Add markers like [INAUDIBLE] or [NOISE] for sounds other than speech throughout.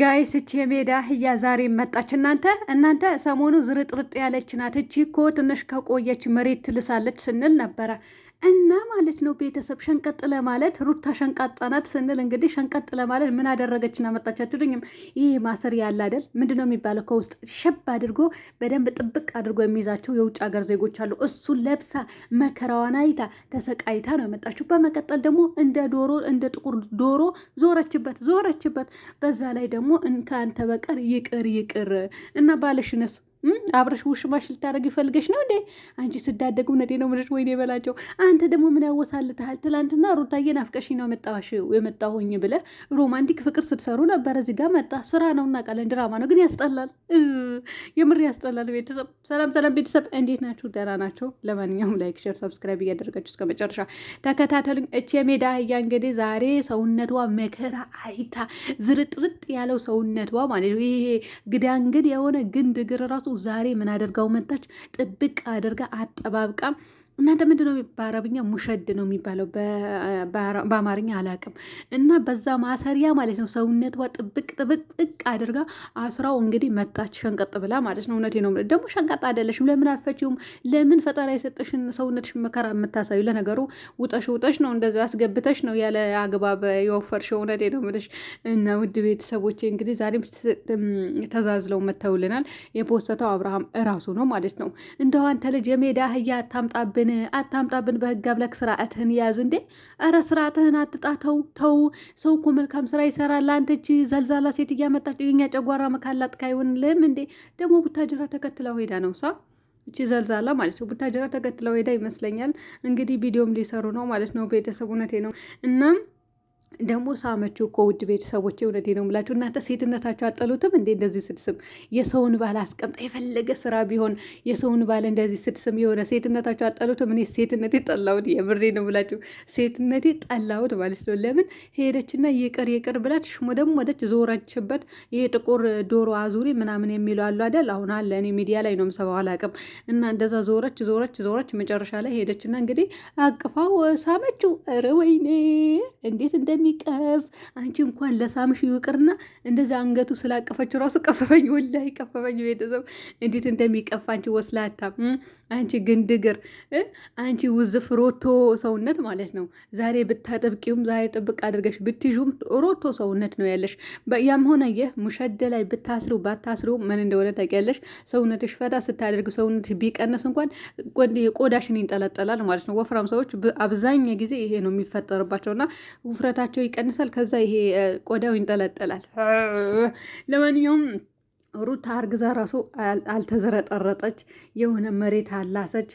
ጋይስ እቺ የሜዳ አህያ ዛሬ መጣች። እናንተ እናንተ ሰሞኑ ዝርጥርጥ ያለች ናት። እቺ እኮ ትንሽ ከቆየች መሬት ትልሳለች ስንል ነበረ። እና ማለት ነው ቤተሰብ ሸንቀጥ ለማለት ሩታ ሸንቃጣናት ስንል እንግዲህ ሸንቀጥ ለማለት ምን አደረገችን አመጣች አትሉኝም? ይህ ማሰር ያለ አይደል? ምንድን ነው የሚባለው? ከውስጥ ሸብ አድርጎ በደንብ ጥብቅ አድርጎ የሚይዛቸው የውጭ ሀገር ዜጎች አሉ። እሱን ለብሳ መከራዋን አይታ ተሰቃይታ ነው የመጣችው። በመቀጠል ደግሞ እንደ ዶሮ እንደ ጥቁር ዶሮ ዞረችበት ዞረችበት። በዛ ላይ ደግሞ ከአንተ በቀር ይቅር ይቅር እና ባለሽነስ አብረሽ ውሽማሽ ልታደረግ ይፈልገሽ ነው እንዴ? አንቺ ስዳደግ እውነቴ ነው ምድር ወይኔ በላቸው። አንተ ደግሞ ምን ያወሳልትሃል? ትላንትና ሩታዬን አፍቀሽ ነው የመጣሁኝ ብለ ሮማንቲክ ፍቅር ስትሰሩ ነበረ። እዚህ ጋር መጣ። ስራ ነው እናውቃለን፣ ድራማ ነው ግን ያስጠላል። የምር ያስጠላል። ቤተሰብ ሰላም፣ ሰላም ቤተሰብ እንዴት ናችሁ? ደህና ናቸው። ለማንኛውም ላይክ፣ ሼር፣ ሰብስክራይብ እያደረጋችሁ እስከ መጨረሻ ተከታተሉኝ። እቺ የሜዳ አህያ እንግዲህ ዛሬ ሰውነቷ መከራ አይታ ዝርጥርጥ ያለው ሰውነቷ ማለት ነው ይሄ ግዳንግድ የሆነ ግንድ እግር ራሱ ዛሬ ምን አደርጋው መጣች? ጥብቅ አድርጋ አጠባብቃ እናንተ ምንድን ነው በአረብኛ ሙሸድ ነው የሚባለው፣ በአማርኛ አላቅም። እና በዛ ማሰሪያ ማለት ነው ሰውነቷ ጥብቅ ጥብቅ አድርጋ አስራው እንግዲህ መጣች ሸንቀጥ ብላ ማለት ነው። እውነቴ ነው። ደግሞ ሸንቀጥ አይደለሽም። ለምን አፈችውም? ለምን ፈጠራ የሰጠሽን ሰውነትሽ መከራ የምታሳዩ? ለነገሩ ውጠሽ ውጠሽ ነው እንደዚ አስገብተሽ ነው ያለ አግባብ የወፈርሽው። እውነቴ ነው የምልሽ። እና ውድ ቤተሰቦቼ እንግዲህ ዛሬም ተዛዝለው መተውልናል። የፖስተተው አብርሃም እራሱ ነው ማለት ነው። እንደው አንተ ልጅ የሜዳ አህያ አታምጣብን አታምጣብን። በህግ አምላክ ስርዓትህን ያዝ እንዴ! ኧረ ስርዓትህን አትጣ። ተው ሰው እኮ መልካም ስራ ይሰራል። አንተ እቺ ዘልዛላ ሴት እያመጣች የኛ ጨጓራ መካላት ካይሆንልም እንዴ! ደግሞ ቡታጅራ ተከትለው ሄዳ ነው ሳ እቺ ዘልዛላ ማለት ነው። ቡታጅራ ተከትለው ሄዳ ይመስለኛል። እንግዲህ ቪዲዮም ሊሰሩ ነው ማለት ነው። ቤተሰብ እውነቴ ነው እና ደግሞ ሳመችው እኮ ውድ ቤተሰቦች፣ እውነቴ ነው የምላችሁ። እናንተ ሴትነታችሁ አጠሉትም እንዴ? እንደዚህ ስድስም የሰውን ባል አስቀምጣ የፈለገ ስራ ቢሆን የሰውን ባል እንደዚህ ስድስም የሆነ ሴትነታችሁ አጠሉትም። እኔ ሴትነቴ ጠላሁት፣ የምሬ ነው የምላችሁ። ሴትነቴ ጠላሁት ማለት ነው። ለምን ሄደችና ይቅር ይቅር ብላት ሽሞ ደግሞ ወደች ዞረችበት። ይሄ ጥቁር ዶሮ አዙሪ ምናምን የሚለው አሉ አይደል? አሁን አለ እኔ ሚዲያ ላይ ነው ምሰባ አላቅም። እና እንደዛ ዞረች ዞረች ዞረች፣ መጨረሻ ላይ ሄደችና እንግዲህ አቅፋው ሳመችው። ኧረ ወይኔ እንዴት እንደ ስለሚቀፍ አንቺ እንኳን ለሳምሽ ይውቅርና እንደዚ አንገቱ ስላቀፈች ራሱ ቀፈፈኝ፣ ወላሂ ቀፈፈኝ። ቤተሰብ እንዴት እንደሚቀፍ አንቺ ወስላታ፣ አንቺ ግንድግር፣ አንቺ ውዝፍ ሮቶ ሰውነት ማለት ነው። ዛሬ ብታጠብቂውም ዛሬ ጥብቅ አድርገሽ ብትዥም ሮቶ ሰውነት ነው ያለሽ። ያም ሆነ ይህ ሙሸደ ላይ ብታስሩ ባታስሩ ምን እንደሆነ ታውቂያለሽ። ሰውነትሽ ፈታ ስታደርግ ሰውነትሽ ቢቀንስ እንኳን ቆዳሽን ይንጠለጠላል ማለት ነው። ወፍራም ሰዎች አብዛኛ ጊዜ ይሄ ነው የሚፈጠርባቸውና ውፍረታቸው ውፍረታቸው ይቀንሳል። ከዛ ይሄ ቆዳው ይንጠለጠላል። ለማንኛውም ሩታ አርግዛ ራሱ አልተዘረጠረጠች፣ የሆነ መሬት አላሰች፣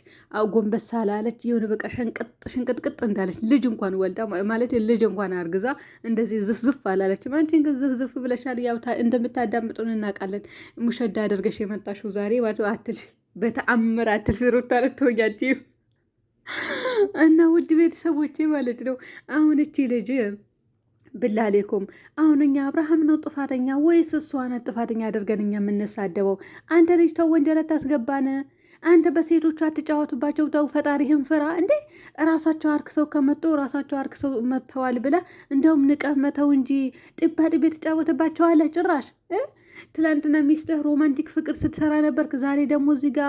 ጎንበስ አላለች፣ የሆነ በቃ ሸንቅጥ ሽንቅጥቅጥ እንዳለች ልጅ እንኳን ወልዳ ማለት ልጅ እንኳን አርግዛ እንደዚህ ዝፍዝፍ አላለች። አንቺን ግን ዝፍዝፍ ብለሻል። ያው እንደምታዳምጡን እናውቃለን። ሙሸዳ አድርገሽ የመጣሽው ዛሬ ማለት አትልፊ፣ በተአምር አትልፊ ሩታ ልትሆኛችም እና ውድ ቤተሰቦቼ ማለት ነው አሁን እቺ ልጅ ብላሌኩም አሁን እኛ አብርሃም ነው ጥፋተኛ ወይስ እሷ ናት ጥፋተኛ አድርገን እኛ የምንሳደበው? አንተ ልጅ ተው ወንጀል አታስገባን። አንተ በሴቶቹ አትጫወትባቸው፣ ተው ፈጣሪህን ፍራ። እንዴ ራሳቸው አርክሰው ከመጡ ራሳቸው አርክሰው መጥተዋል ብለ እንደውም ንቀህ መተው እንጂ ጥባጥ ቤት ተጫወትባቸዋለህ ጭራሽ ትላንትና ሚስትህ ሮማንቲክ ፍቅር ስትሰራ ነበርክ። ዛሬ ደግሞ እዚህ ጋ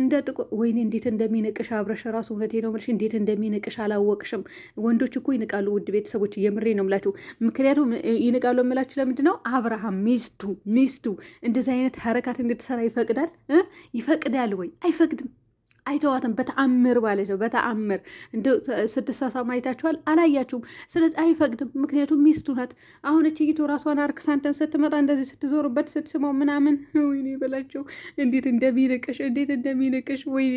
እንደ ጥቁር ወይኔ፣ እንዴት እንደሚንቅሽ አብረሽ ራሱ እውነቴ ነው የምልሽ፣ እንዴት እንደሚንቅሽ አላወቅሽም። ወንዶች እኮ ይንቃሉ፣ ውድ ቤተሰቦች፣ የምሬ ነው የምላችሁ። ምክንያቱም ይንቃሉ የምላችሁ ለምንድን ነው? አብርሃም ሚስቱ ሚስቱ እንደዚህ አይነት ሀረካት እንድትሰራ ይፈቅዳል ይፈቅዳል ወይ አይፈቅድም? አይተዋትም በተአምር ማለት ነው። በተአምር እንደ ስትሳሳ አይታችኋል? አላያችሁም። ስለዚህ አይፈቅድም፣ ምክንያቱም ሚስቱ ናት። አሁን እችይቶ ራሷን አርክሳንተን ስትመጣ እንደዚህ ስትዞርበት ስትስመው ምናምን፣ [LAUGHS] ወይኔ በላቸው እንዴት እንደሚንቅሽ እንዴት እንደሚንቅሽ። ወይኔ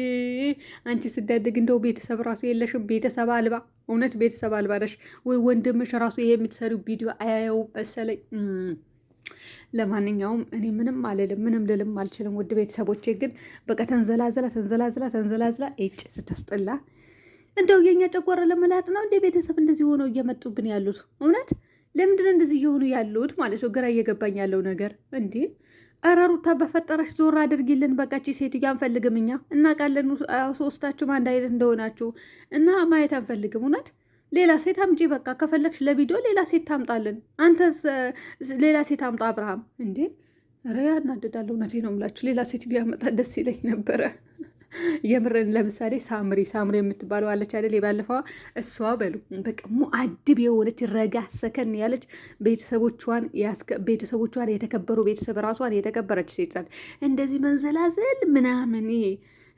አንቺ ስዳድግ እንደው ቤተሰብ ራሱ የለሽም፣ ቤተሰብ አልባ እውነት ቤተሰብ አልባ ነሽ ወይ? ወንድምሽ ራሱ ይሄ የምትሰሪው ቪዲዮ አያየው መሰለኝ ለማንኛውም እኔ ምንም አልልም፣ ምንም ልልም አልችልም። ውድ ቤተሰቦቼ ግን በቃ ተንዘላዝላ ተንዘላዝላ ተንዘላዝላ ጭ ስታስጠላ እንደው የኛ ጨጓራ ለመላጥ ነው እንደ ቤተሰብ እንደዚህ ሆነው እየመጡብን ያሉት እውነት ለምንድን እንደዚህ እየሆኑ ያሉት ማለት ነው? ግራ እየገባኝ ያለው ነገር እንዴ! ኧረ ሩታ በፈጠረሽ ዞር አድርጊልን። በቃች ሴትዮ አንፈልግም እኛ እናቃለን። ሶስታችሁም አንድ አይነት እንደሆናችሁ እና ማየት አንፈልግም እውነት ሌላ ሴት አምጪ፣ በቃ ከፈለግሽ ለቪዲዮ ሌላ ሴት ታምጣልን። አንተ ሌላ ሴት አምጣ አብርሃም። እንዴ ረ እናደዳለሁ። እውነቴ ነው የምላችሁ ሌላ ሴት ቢያመጣ ደስ ይለኝ ነበረ። የምርን ለምሳሌ ሳምሪ ሳምሪ የምትባለው አለች አይደል? የባለፈዋ እሷ በሉ በቃ ሙአድብ የሆነች ረጋ ሰከን ያለች ቤተሰቦቿን ቤተሰቦቿን የተከበሩ ቤተሰብ ራሷን የተከበረች ሴት ናት። እንደዚህ መንዘላዘል ምናምን ይሄ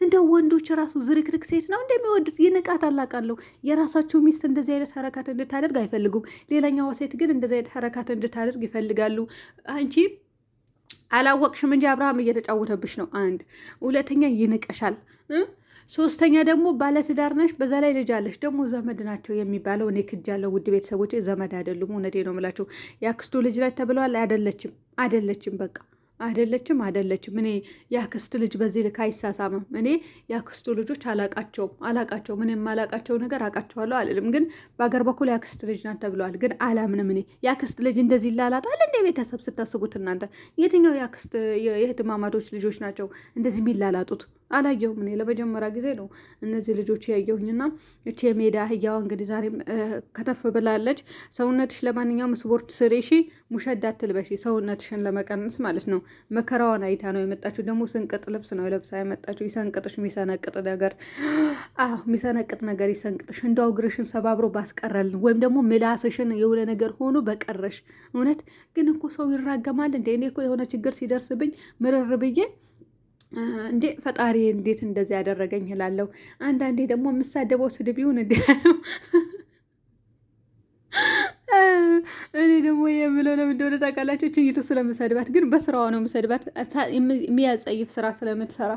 እንደ ወንዶች ራሱ ዝርክርክ ሴት ነው እንደሚወዱት ይንቃት አላቃለሁ። የራሳቸው ሚስት እንደዚህ አይነት ሀረካት እንድታደርግ አይፈልጉም። ሌላኛዋ ሴት ግን እንደዚህ አይነት ሀረካት እንድታደርግ ይፈልጋሉ። አንቺ አላወቅሽም እንጂ አብርሃም እየተጫወተብሽ ነው። አንድ ሁለተኛ ይንቀሻል። ሶስተኛ ደግሞ ባለትዳር ነሽ፣ በዛ ላይ ልጅ አለሽ። ደግሞ ዘመድ ናቸው የሚባለው እኔ ክጅ ያለው ውድ ቤተሰቦች ዘመድ አይደሉም። እውነቴ ነው የምላቸው። የአክስቱ ልጅ ላይ ተብለዋል። አይደለችም፣ አይደለችም በቃ አይደለችም አይደለችም። እኔ ያክስት ልጅ በዚህ ልክ አይሳሳምም። እኔ ያክስቱ ልጆች አላቃቸውም አላቃቸው ምን የማላቃቸው ነገር አቃቸዋለሁ አልልም። ግን በአገር በኩል ያክስት ልጅ ናት ተብለዋል። ግን አላምንም። እኔ ያክስት ልጅ እንደዚህ ይላላጣል እንደ ቤተሰብ ስታስቡት እናንተ። የትኛው ያክስት የእህትማማቶች ልጆች ናቸው እንደዚህ የሚላላጡት? አላየሁም። እኔ ለመጀመሪያ ጊዜ ነው እነዚህ ልጆች ያየሁኝና እቺ የሜዳ አህያዋ እንግዲህ ዛሬም ከተፍ ብላለች። ሰውነትሽ ለማንኛውም ስፖርት ስሪ፣ እሺ ሙሸዳ አትልበሺ፣ ሰውነትሽን ለመቀነስ ማለት ነው። መከራዋን አይታ ነው የመጣችው። ደግሞ ስንቅጥ ልብስ ነው ለብሳ የመጣችው። ይሰንቅጥሽ፣ የሚሰነቅጥ ነገር [GASPS] አዎ፣ የሚሰነቅጥ ነገር ይሰንቅጥሽ። እንደው እግርሽን ሰባብሮ ባስቀረልን ወይም ደግሞ ምላስሽን የሆነ ነገር ሆኖ በቀረሽ። እውነት ግን እኮ ሰው ይራገማል እንዴ? እኔ እኮ የሆነ ችግር ሲደርስብኝ ምርር ብዬ እንዴ ፈጣሪ እንዴት እንደዚህ ያደረገኝ እላለሁ። አንዳንዴ ደግሞ የምሳደበው ስድብ ይሁን እንዲ እኔ ደግሞ የምለው ለምን እንደሆነ ታውቃላችሁ? ችኝቱ ስለምሰድባት ግን በስራዋ ነው የምሰድባት፣ የሚያጸይፍ ስራ ስለምትሰራ።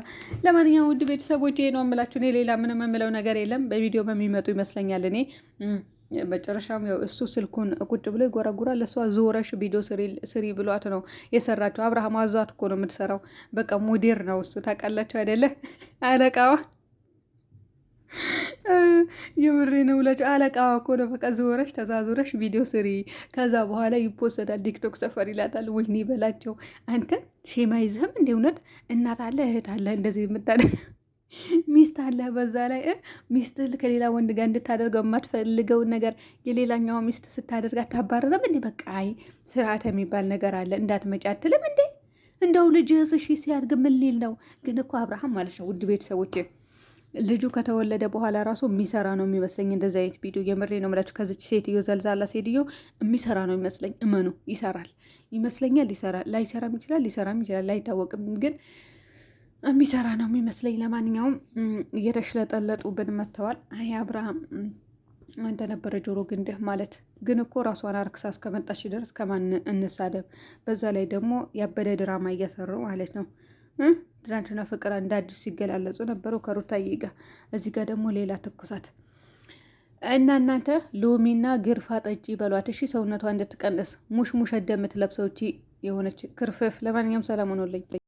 ለማንኛውም ውድ ቤተሰቦች ይሄ ነው የምላችሁ። እኔ ሌላ ምንም የምለው ነገር የለም። በቪዲዮ በሚመጡ ይመስለኛል እኔ መጨረሻም ያው እሱ ስልኩን ቁጭ ብሎ ይጎረጉራል። እሷ ዞረሽ ቪዲዮ ስሪ ብሏት ነው የሰራቸው። አብርሃም አዛት እኮ ነው የምትሰራው። በቃ ሞዴር ነው እሱ ታውቃላችሁ አይደለ? አለቃዋ የምሬ ነው ብላቸው። አለቃዋ እኮ ነው። በቃ ዞረሽ ተዛዞረሽ ቪዲዮ ስሪ፣ ከዛ በኋላ ይፖሰታል ቲክቶክ ሰፈር ይላታል። ወይኔ በላቸው አንተ ሼማ ይዝህም እንደ እውነት እናት አለ እህት አለ እንደዚህ የምታደ ሚስት አለ በዛ ላይ ሚስት ከሌላ ወንድ ጋር እንድታደርገው የማትፈልገውን ነገር የሌላኛው ሚስት ስታደርግ አታባረረም እንዴ? በቃ አይ ስርዓት የሚባል ነገር አለ እንዳትመጪ አትልም እንዴ? እንደው ልጅ እሺ ሲያድግ ምን ሊል ነው? ግን እኮ አብርሃም ማለት ነው ውድ ቤተሰቦች ልጁ ከተወለደ በኋላ ራሱ የሚሰራ ነው የሚመስለኝ። እንደዚ አይነት ቪዲዮ የምሬ ነው ምላቸው። ከዚች ሴትዮ ዘልዛላ ሴትዮ የሚሰራ ነው የሚመስለኝ። እመኑ ይሰራል ይመስለኛል። ይሰራል ላይሰራም ይችላል፣ ሊሰራም ይችላል፣ ላይታወቅም ግን የሚሰራ ነው የሚመስለኝ። ለማንኛውም እየተሽለጠለጡብን መጥተዋል። አይ አብርሃም እንደነበረ ጆሮ ግንድህ ማለት ግን እኮ ራሷን አርክሳ እስከመጣች ድረስ ከማን እንሳደብ? በዛ ላይ ደግሞ ያበደ ድራማ እያሰሩ ማለት ነው። ትናንትና ፍቅር እንደ አዲስ ሲገላለጹ ነበረው ከሩታዬ ጋር፣ እዚህ ጋር ደግሞ ሌላ ትኩሳት እና እናንተ ሎሚና ግርፋ ጠጪ በሏት እሺ፣ ሰውነቷ እንድትቀንስ ሙሽ እንደምትለብሰው የሆነች ክርፍፍ። ለማንኛውም ሰላም ሆኖልኝ